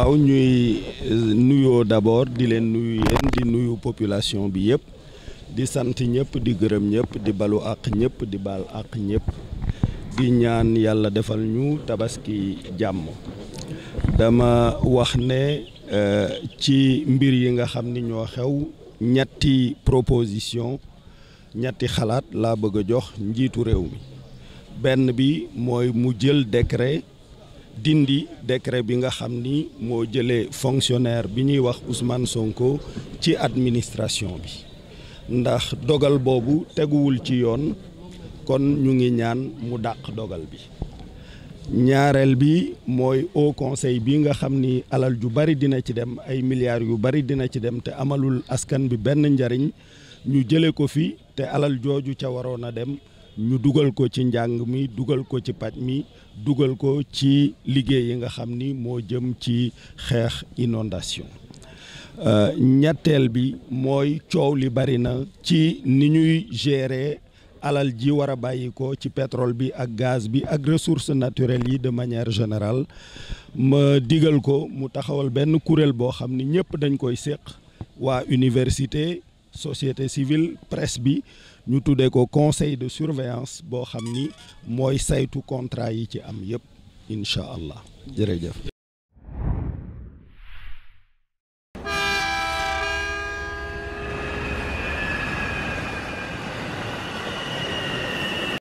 waaw ñuy euh, nuyoo d'abord di leen nuyu yéen di nuyu population bi yëpp di sant ñëpp di gërëm ñëpp di balu àq ñëpp di baal àq ñëpp di ñaan yàlla defal ñu tabaski jàmm dama wax ne euh, ci mbir yi nga xam ni ñoo xew ñetti proposition ñetti xalaat laa bëgg a jox njiitu réew mi benn bi mooy mu jël décret dindi décret bi nga xam ni moo jëlee fonctionnaire bi ñuy wax Ousmane Sonko ci administration bi ndax dogal boobu teguwul ci yoon kon ñu ngi ñaan mu dàq dogal bi ñaareel bi mooy Haut Conseil bi nga xam ni alal ju bari dina ci dem ay milliards yu bari dina ci dem te amalul askan bi benn njariñ ñu jële ko fi te alal jooju ca waroon a dem ñu dugal ko ci njàng mi dugal ko ci paj mi dugal ko ci liggéey yi nga xam ni moo jëm ci xeex inondation euh, ñetteel bi mooy coow li bari na ci ni ñuy gérer alal ji war a bàyyi ko ci pétrole bi ak gaz bi ak ressources naturelles yi de manière générale ma digal ko mu taxawal benn kuréel boo xam ni ñëpp dañ koy séq waa université société civile presse bi ñu tuddee ko conseil de surveillance boo xam ni mooy saytu contrat yi ci am yëpp incha allah jërëjëf